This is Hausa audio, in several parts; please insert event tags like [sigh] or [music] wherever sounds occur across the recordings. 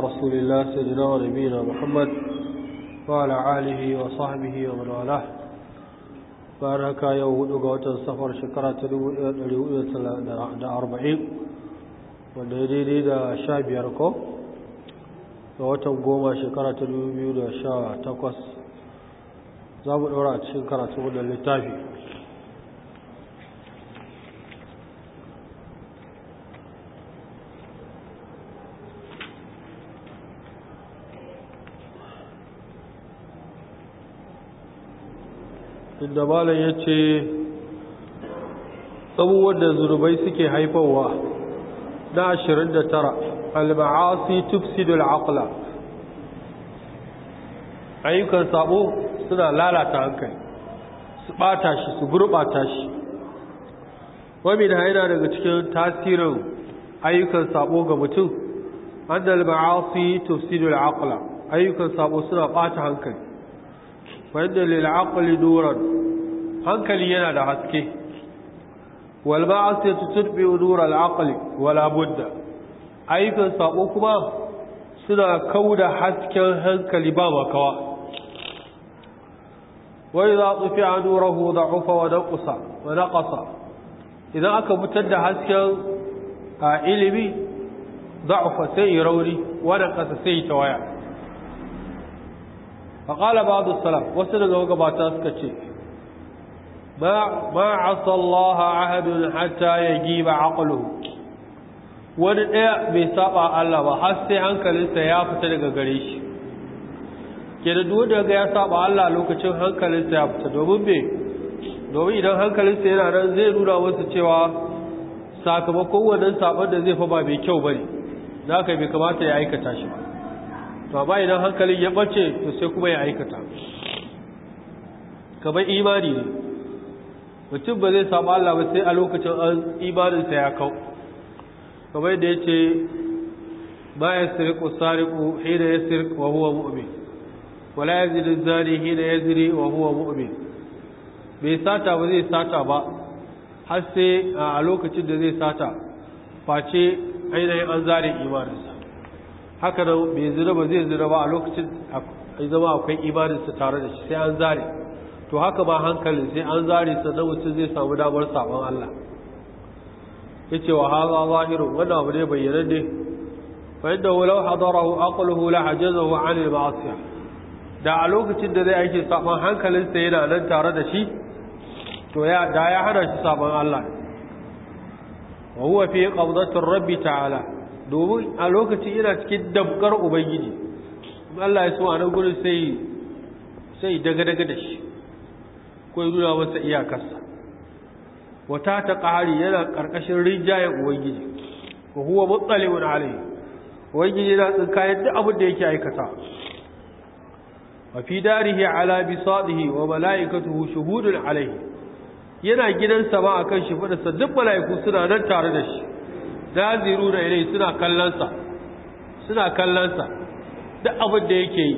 رسول الله سيدنا ونبينا محمد وعلى آله وصحبه ومن والاه بارك يا ودغوت السفر شكرا تدو da arba'in wanda ya daidai da sha biyar ko ga watan goma shekara ta dubu da sha takwas za mu ɗora a cikin karatu da littafi da malam ya ce abubuwan da zurubai suke haifarwa na ashirin da tara alba'asi tufsidul akula ayyukan sabo suna lalata hankali su bata shi su gurbata shi wani da haina daga cikin tasirin ayyukan sabo ga mutum an da al tufsidul akula ayyukan sabo suna bata hankali fa'idda lil duran hankali yana da haske wal ba'as tutbi dur al aqli wala budda Aikin saƙo kuma suna da hasken hankali ba makawa za idza tufi'a nurahu da'ufa wa naqsa wa ƙasa idan aka mutar da hasken a ilimi da'ufa sai rauni wa ƙasa sai tawaya faƙala ba da salam wasu daga gabata suka ce ma asallaha ahadun hatta ya giba aqluhu wani ɗaya bai saba Allah ba har sai hankalinsa ya fita daga gare shi ke da duk ga ya saba Allah lokacin hankalinsa ya fita domin me domin idan hankalinsa yana nan zai nuna wasu cewa sakamakon wannan sabon da zai fa ba mai kyau bane da haka bai kamata ya aikata shi ba to ba idan hankalin ya bace to sai kuma ya aikata kamar imani ne mutum ba zai samu Allah ba sai a lokacin an imaninsa ya kau kamar da ya ce ba ya siriku sariku hina ya sirik wa huwa mu'min wala ya ziri zari hina ya ziri wa huwa mu'min bai sata ba zai sata ba har sai a lokacin da zai sata face ainihin an zare imaninsa haka da bai zina ba zai zina ba a lokacin zama akwai imaninsa tare da shi sai an zare to haka ba hankalin sai an zare sannan mutum zai samu damar sabon Allah ya ce wa haza zahiru wannan abu ne bayyana ne fa yadda walau hadarahu aqluhu la hu an al siya da a lokacin da zai aiki sabon sa yana nan tare da shi to ya da ya hana shi sabon Allah wa huwa fi qabdati rabbi ta'ala domin a lokacin yana cikin damkar ubangiji Allah ya so a nan gudun sai daga-daga da shi ko yi nuna masa iyakarsa wata ta ƙari yana ƙarƙashin rinjayen ubangiji ko huwa matsale wani halayi ubangiji yana tsinka duk abin da yake aikata A fi darihi ala bisadihi wa mala'ikatuhu shuhudun alaihi yana gidansa ba akan shi fadarsa duk mala'iku suna nan tare da shi naziru da ilai suna kallonsa suna kallonsa duk abin da yake yi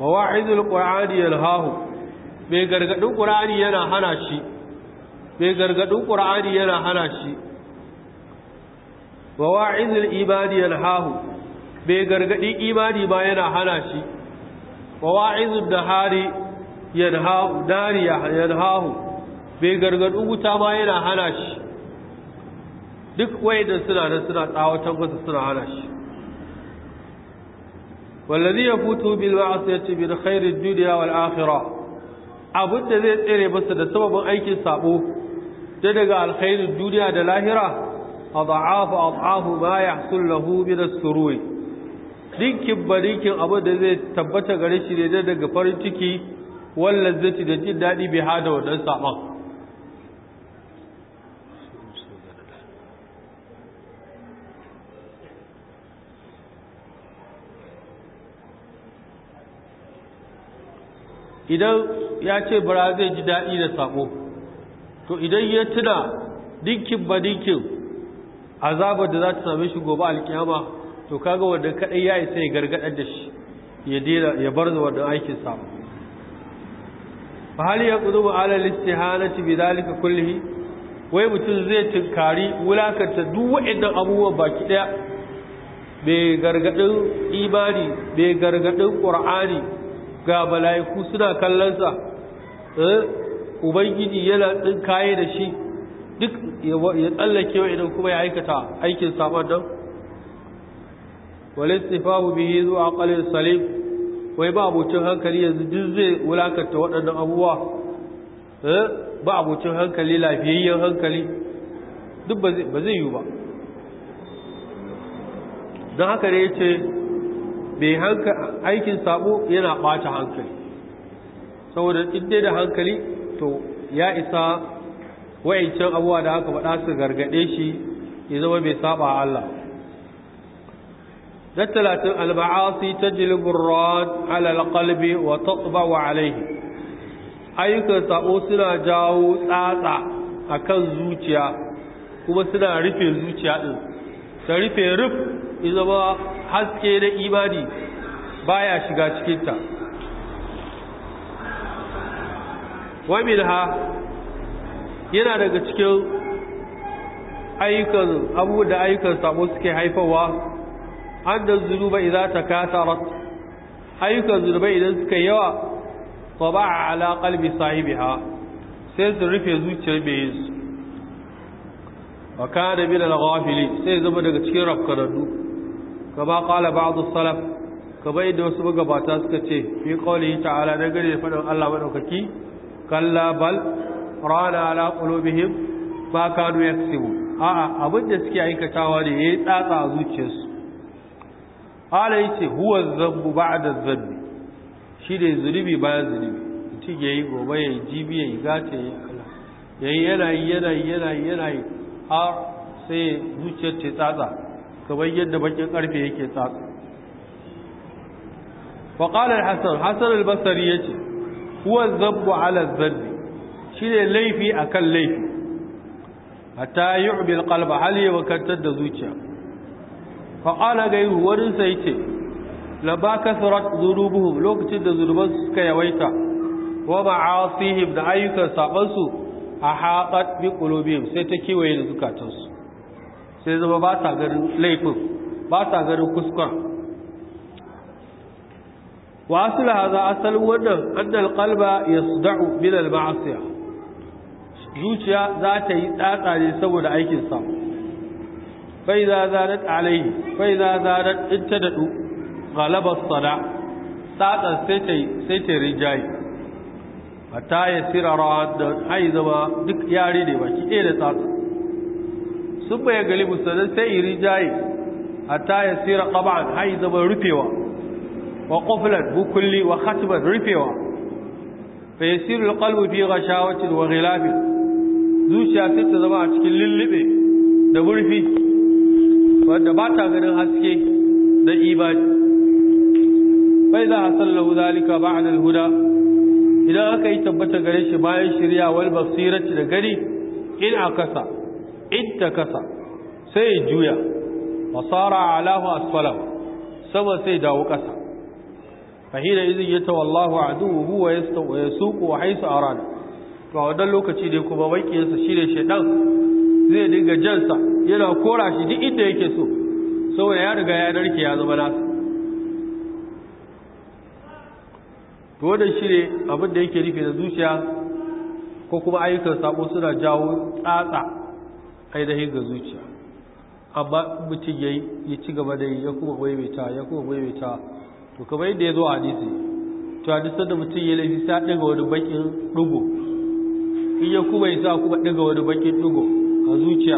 mawa'izul qur'ani yalhahu mai gargadin qur'ani yana hana shi mai gargadin qur'ani yana hana shi mawa'izul ibadi yalhahu mai gargadin ibadi ba yana hana shi mawa'izul dahari yalhahu dariya yalhahu bai gargadu wuta ma yana hana shi duk da suna da suna tsawatan wasu suna hana shi wallazi futu bil ma'siyati bil khairid dunya wal akhirah abin da zai tsere masa da sababin aikin sabo da daga alkhairin duniya da lahira adha'afu adha'afu ma yahsul lahu bil surur sururi dinkin barikin abun da zai tabbata gare shi ne daga farin ciki wallazzati da jin daɗi bai hada wannan saban idan ya ce bara zai ji daɗi da sako to idan ya tuna dinkin ba dinkin azabar da za ta same shi gobe alkiyama to kaga wanda kaɗai ya isa ya gargaɗar da shi ya dela ya bar da wannan aikin sa fa hal yaqdumu ala al-istihanati bidhalika kullihi wai mutum zai tinkari wulakanta duk waɗannan abubuwa baki daya bai gargadin imani bai gargaɗin qur'ani ga mala'iku suna kallonsa eh, ubangiji yana ɗin kaye da shi duk ya tsallake wa idan kuma ya aikata aikin saman nan wale stifahu bihi zuwa akalin salim wai ba abucin hankali yanzu duk zai wulakanta waɗannan abubuwa eh, ba abucin hankali lafiyayyen hankali duk ba zai yi ba don haka ne ya ce mai aikin sabo yana ɓata hankali saboda inda da hankali to ya isa wa'ancan abuwa da aka faɗa su gargaɗe shi ya zama mai saba Allah na talatin alba'asi ta jilibin rod alal kalbi wa tsuba, wa alaihi ayyukan sabo suna jawo tsatsa a kan zuciya kuma suna rufe zuciya ɗin ta rufe ruf ya zama haske da ibadi baya shiga cikinta wabilha yana daga cikin ayyukan abu da ayyukan samu suke haifawa an da zunuba idan ta kasarat ayyukan zunuba idan suka yawa wa ba a alaƙalbi sahibiha sai su rufe zuciyar mai su wa kana min ghafili sai zama daga cikin rafkararru kama qala ba'du salaf kaba yadda wasu magabata suka ce fi yi ta'ala da gare faɗin Allah madaukaki Kan bal rana ala qulubihim ba ka kanu yaksubu a'a abin da suke aikatawa ne ya yi tsatsa a zuciyarsu ala yace huwa dhanbu ba'da dhanbi shi ne zunubi bayan zunubi mutum yayi gobe yi jibi yayi gata yayi kala yayi yanayi, yanayi, yanayi, yana har sai zuciyar ce tsatsa kamar yadda bakin karfe yake tsatsa wa qala al-hasan hasan al-basri yace huwa zabbu ala zabbi shine laifi a kan laifi hatta yu'bi al-qalba hal yawkatta da zuciya fa qala gairu wurin sai yace la ba kasrat lokacin da zurubansu suka yawaita wa ma'asihim da ayyukan sabansu a haƙat bi qulubihim sai ta kewaye da zukatansu sai zama ba ta garin laifin ba ta garin kuskon wa da haza asalin wannan annal ya yasda'u min al ma'asiya zuciya za ta yi tsatsa ne saboda aikin sa da ƙalai bai za za da zadat da ɗu as-sada tsatsa sai ta yi ta rijayi hatta ya sira rawa da haizawa duk yare ne baki ɗaya da tsatsa sun ya galibu sannan sai yi rijaye hatta ya tsira ƙaba'an hai zama rufewa wa ƙofilar bukulli wa hatimar rufewa fa ya siru fiye ga shawacin wa ghilafin zuciya sai ta zama a cikin lullube da murfi wadda ba ta ganin haske da ibadi bai za a sallahu zalika nan huda idan aka yi tabbatar gare shi bayan shirya wal basirati da gani in a kasa itta kasa sai ya juya wasara alahu asfalam sama sai dawo kasa fahida izin ya tawallahu aduhu wa yastau ya wa haisu arada to a wannan lokaci dai kuma bakiyarsa shine shedan zai dinga jansa yana kora shi duk inda yake so saboda ya riga ya narke ya zama nasa to wannan shine abin da yake rufe da zuciya ko kuma ayyukan sabo suna jawo tsatsa ainihin ga zuciya amma mutum ya yi ci gaba da ya kuma waiwaita ya kuma waiwaita to kamar yadda ya zo a hadisi to hadisan da mutum ya laifi sa ɗaga wani bakin ɗugo in ya kuma yi sa kuma ɗaga wani bakin ɗugo a zuciya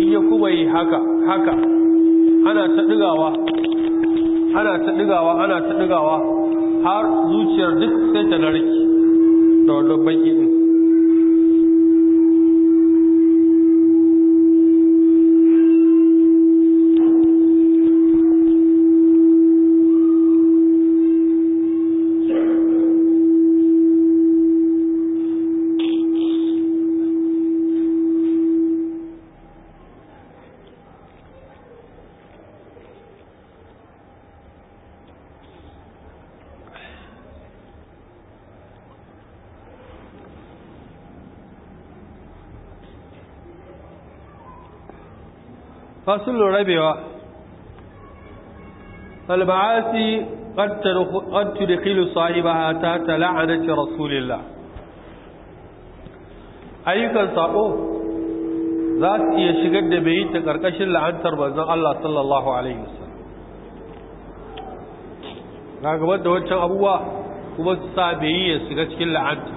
in ya kuma yi haka haka ana ta ɗigawa ana ta ɗigawa ana ta ɗigawa har zuciyar duk sai ta narki da wani bakin فصل ربيع البعاثي قد تدخل صاحبها ta لعنة رسول rasulillah ayyukan sabo za su iya shigar da bai ta karkashin la'antar manzon Allah sallallahu alaihi wasallam ga gabar da wancan abubuwa kuma su sa bai ya shiga cikin la'anta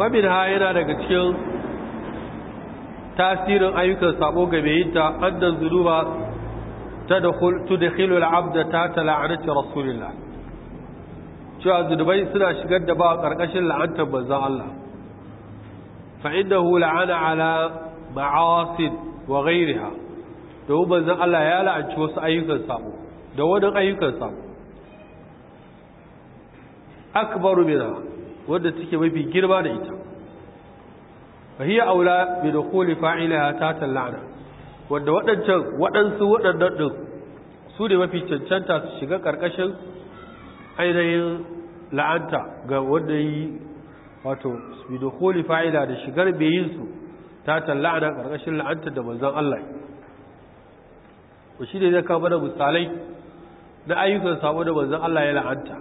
wabin ha yana daga cikin tasirin ayyukan sabo game mai yinta addan zunuba tudkhilu al-abda ta la'anati rasulillah cewa zunubai suna shigar da ba ƙarƙashin la'antar manzon Allah fa innahu la'ana ala ma'asid wa ghayriha to manzon Allah ya la'anci wasu ayyukan sabo da wani ayyukan sabo akbaru minha wanda take mafi girma da ita fa hiya aula bi dukhuli fa'ilaha ta tallana wanda waɗancan waɗansu wadannan ɗin su ne mafi cancanta su shiga ƙarƙashin ainihin la'anta ga wanda yi wato bi dukhuli fa'ila da shigar bayin su ta tallana ƙarƙashin la'anta da manzon Allah ko shi ne zai kama da misalai na ayyukan sabo da manzon Allah ya la'anta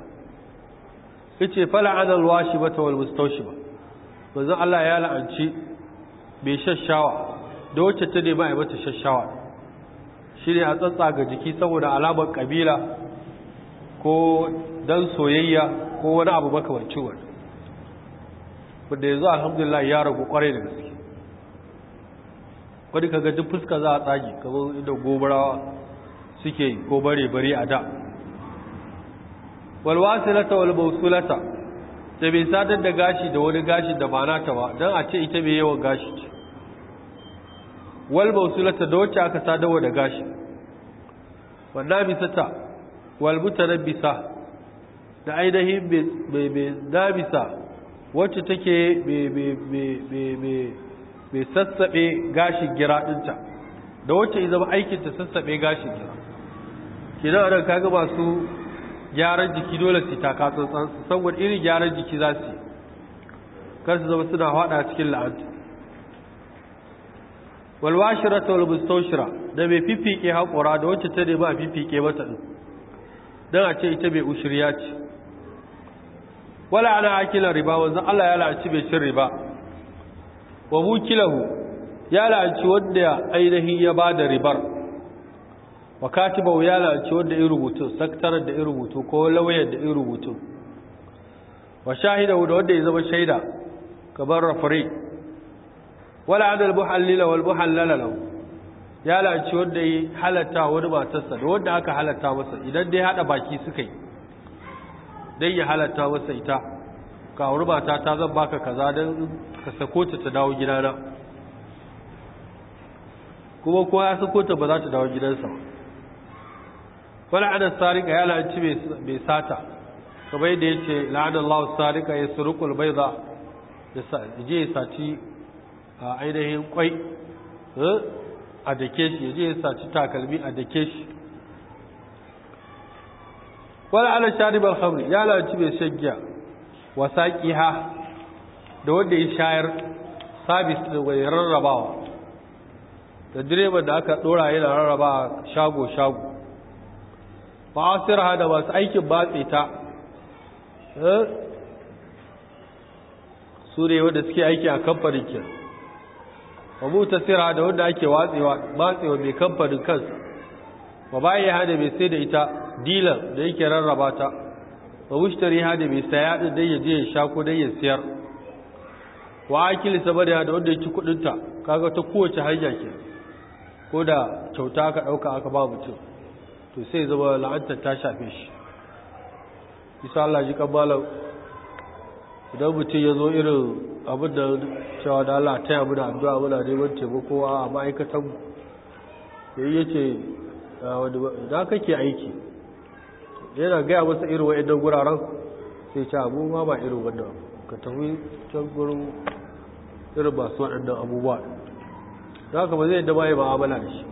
ce yace fala'ana alwashibata wal ba. manzon Allah ya la'anci bai shashawa da wacce ta nema a yi mata shashawa shi ne a tsatsa ga jiki saboda alamar kabila ko dan soyayya ko wani abu makamancin wani wanda yanzu alhamdulillah ya ragu kwarai da gaske wani ka gajin fuska za a tsagi kamar inda gobarawa suke ko bare bare a da walwasilata walmausulata da bai sadar da gashi da wani gashi da ba nata ba don a ce ita mai yawan gashi ce wal lata da wacce aka sadarwa da gashi wannan bisata wal bisa da ainihin mai damisa wacce take mai sassaɓe gashin gira ɗinta da wacce zama aikinta sassaɓe gashin gira kidan ran kaga masu gyaran jiki dole su taka tsantsan su sabon irin gyaran jiki za su kar su zama suna hada cikin la'anta walwashira ta taushira da mai fifike haƙura da wacce ta nema a fifike mata ɗin don a ce ita mai ushiriya ce wala ana akilan riba wanzan allah ya la'aci mai cin riba wa mu kilahu, ya la'aci wanda ainihin ya ba da ribar wa katiba ya lalace wanda ya rubutu saktarar da ya rubutu ko lauyar da ya rubutu wa shahida da wanda ya zama shaida bar rafari wala adal buhallila wal buhallala lahu ya lalace wanda ya halatta wani matarsa da wanda aka halatta masa idan dai hada baki suka yi dai ya halatta masa ita ka rubata ta zan baka kaza don ka sako ta ta dawo gidana kuma kowa ya sako ta ba za ta dawo gidansa ba wani anan sarika ya lalace mai sata kamar yadda ya ce la'adar lawa sarika ya surukul bai za je ya saci a ainihin kwai eh, a dake shi ya je ya saci takalmi a dake shi wani anan sharibar hamri ya lalace mai shan giya wasaƙi ha da wanda ya shayar sabis da wayar rarrabawa da direban da aka ɗora yana rarraba shago-shago basirha da masu aikin batse ta eh, su ne wanda suke aiki a kamfanin ke wa ta sirha da wanda ake watsewa batsewa mai kamfanin kansa Ba bayan hada mai sai da ita dilan da yake rarraba ta wa mushtari hada mai saya din dan yaje ya sha ko dan ya siyar wa akil sabada da wanda ya ci kudinta kaga ta kowace hanya ke ko da kyauta aka dauka aka ba mutum to sai zama la'antar ta shafe shi isa Allah ji kabbala idan mutum ya zo irin abin da cewa da Allah ta yamu da addu'a muna neman taimako a ma'aikatan yayi yace da kake aiki yana gaya masa irin wa'annan guraren sai ce abu ma ba irin wannan ka tafi can gurin irin masu waɗannan abubuwa da ka ba zai da ba yi da shi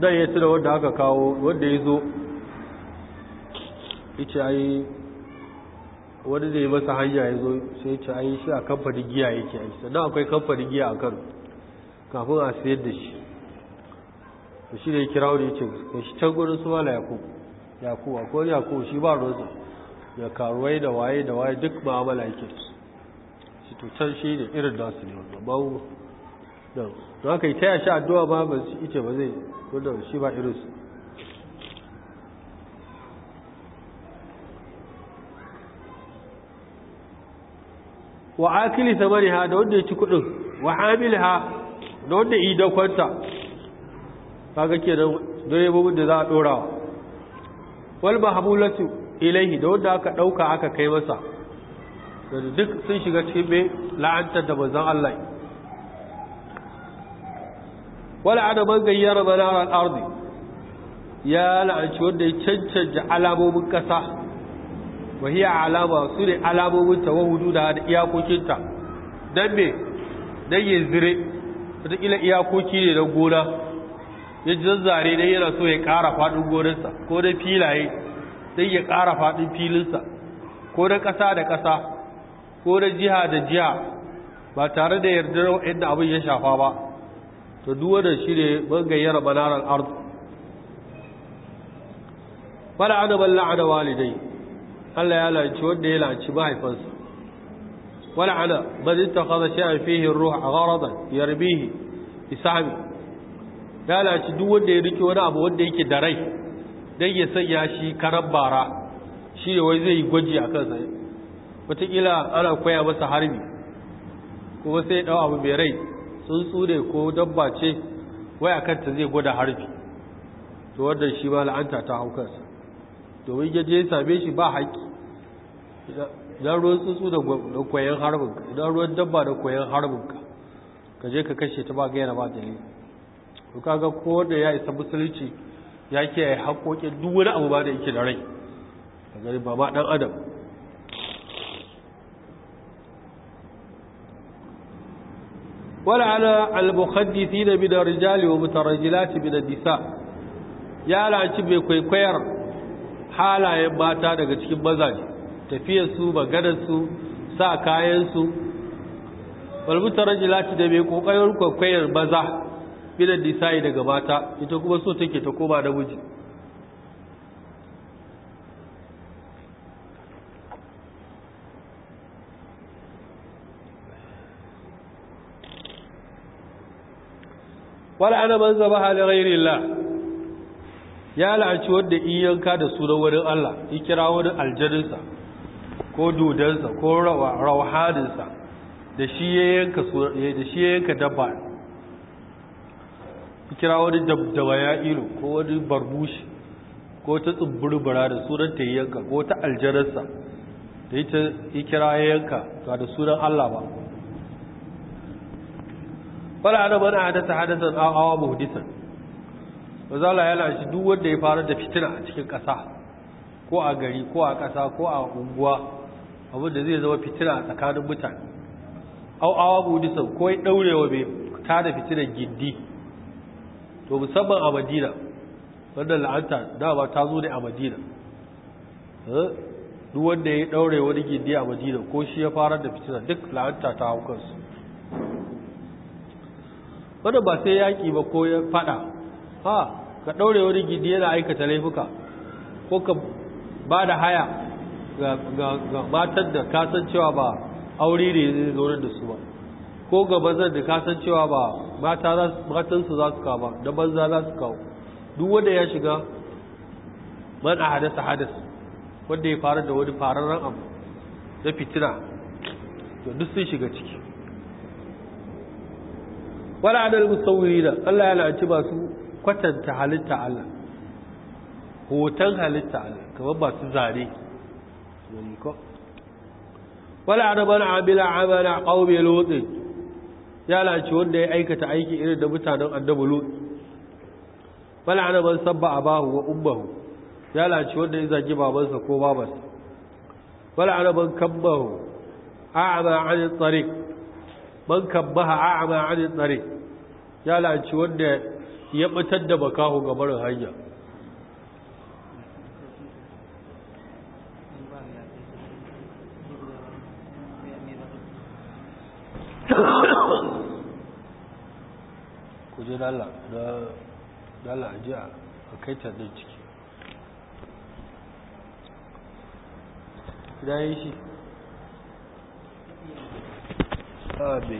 dan ya cire wanda aka kawo wanda ya zo yace ai wanda da ya masa hanya ya zo sai yace ai shi a kamfanin giya yake ai sannan akwai kamfanin giya a kan kafin a sayar da shi to shi ne ya kira wani yace kai shi can gurin su mala yakub yakub akwai yakub shi ba roza ya karuwai da waye da waye duk ma'amala yake su to can shi ne irin su ne wannan ba don haka yi taya sha addu'a ba ba su ice ba zai wadda shi ba irinsu wa akili ha da wanda ya ci kudin wa ha da wanda idan kwanta kaga ke don direbobin da za a dorawa wal mahabulatu ilaihi da wanda aka dauka aka kai masa duk sun shiga cikin mai la'antar da bazan Allah wala ana man gayyara manaran ardi ya la'anci wanda ya cancanta alamomin ƙasa wa hiya alama su ne alamomin ta wa hududa da iyakokinta dan me dan ya zire ila iyakoki ne da gona ya zazzare dan yana so ya ƙara faɗin gonarsa ko da filaye dan ya ƙara faɗin filinsa ko da ƙasa da ƙasa ko da jiha da jiha ba tare da yardar waɗanda abin ya shafa ba to duwa da shi ne bangayyar balaran ardu fara adaban la'ada walidai Allah ya lanci wanda ya lanci mahaifansa wala ana bazin ta kaza shi a fihin ruwa a garadan yarbihi isami ya lanci duk wanda ya rike wani abu wanda yake da rai don ya sanya shi karan bara shi ne wai zai yi gwaji a kansa wataƙila ana koya masa harbi kuma sai ɗau abu mai rai Sun tsure ko dabba ce waya kanta zai gwada harbi to wadda shi ba la'anta ta haukarsa domin ya je same shi ba haƙƙi idan ruwan tsuntsu da kwayan harbin ka idan ruwan dabba da kwayan harbin ka ka je ka kashe ta ba gaira ba dalili ko kaga ko da ya isa musulunci ya kiyaye haƙoƙin duk wani abu ba da yake da rai a ba ma ɗan adam wala ala al-mukhaddithina min ar-rijali wa mutarajilati bi ya laci bai kwaikwayar halayen mata daga cikin mazaje tafiyar su maganar su sa kayan su wal mutarajilati da bai kokayar kwaikwayar maza bi an daga mata ita kuma so take ta koma da miji ana man zabaha li ghairi Allah ya la'anci wanda in yanka da sunan wurin Allah ya kira wani aljaninsa ko dudansa ko rawhadinsa da shi ya yanka da shi ya yanka dabba ya kira wani dabba ya ilo ko wani barbushi ko ta tsubburbura da sunan ta yanka ko ta aljanarsa da ita ya kira ya yanka ba da sunan Allah ba fara da mana hadasa hadasan awa muhdisan mazala yana shi duk wanda ya fara da fitina a cikin ƙasa ko a gari ko a ƙasa ko a unguwa abin da zai zama fitina a tsakanin mutane au awa muhdisan ko ya ɗaurewa mai da fitina gindi to musamman a madina wannan la'anta dama ta zo ne a madina eh, duk wanda ya ɗaure wani gindi a madina ko shi ya fara da fitina duk la'anta ta hau kansu wadda ba sai yaƙi ba ko ya faɗa ha ka ɗaure wani gidi yana aikata laifuka ko ka ba da haya ga matar da cewa ba aure ne zai zaunar da su ba ko ga bazar da cewa ba matansu za su kawo ba da banza za su kawo duk wanda ya shiga man a hadasa hadas wanda ya fara da wani fararren abu na fitina da duk sun shiga ciki wala adal musawwirina Allah ya ba masu kwatanta halitta Allah hoton halitta Allah kamar masu zane wani ko wala adaban abila amala qaumi lut ya la'anci wanda ya aikata aiki irin da mutanen annabi lut wala adaban sabba abahu wa ummuhu ya la'anci wanda ya zagi babansa ko babarsa wala adaban kabbahu a'ama 'ala tariq man kabbaha a'ma 'anil tariq ya la'anci wanda ya batar da makaho ga barin hanya [coughs] ku je da dalla je a kai ta ciki da yi shi دے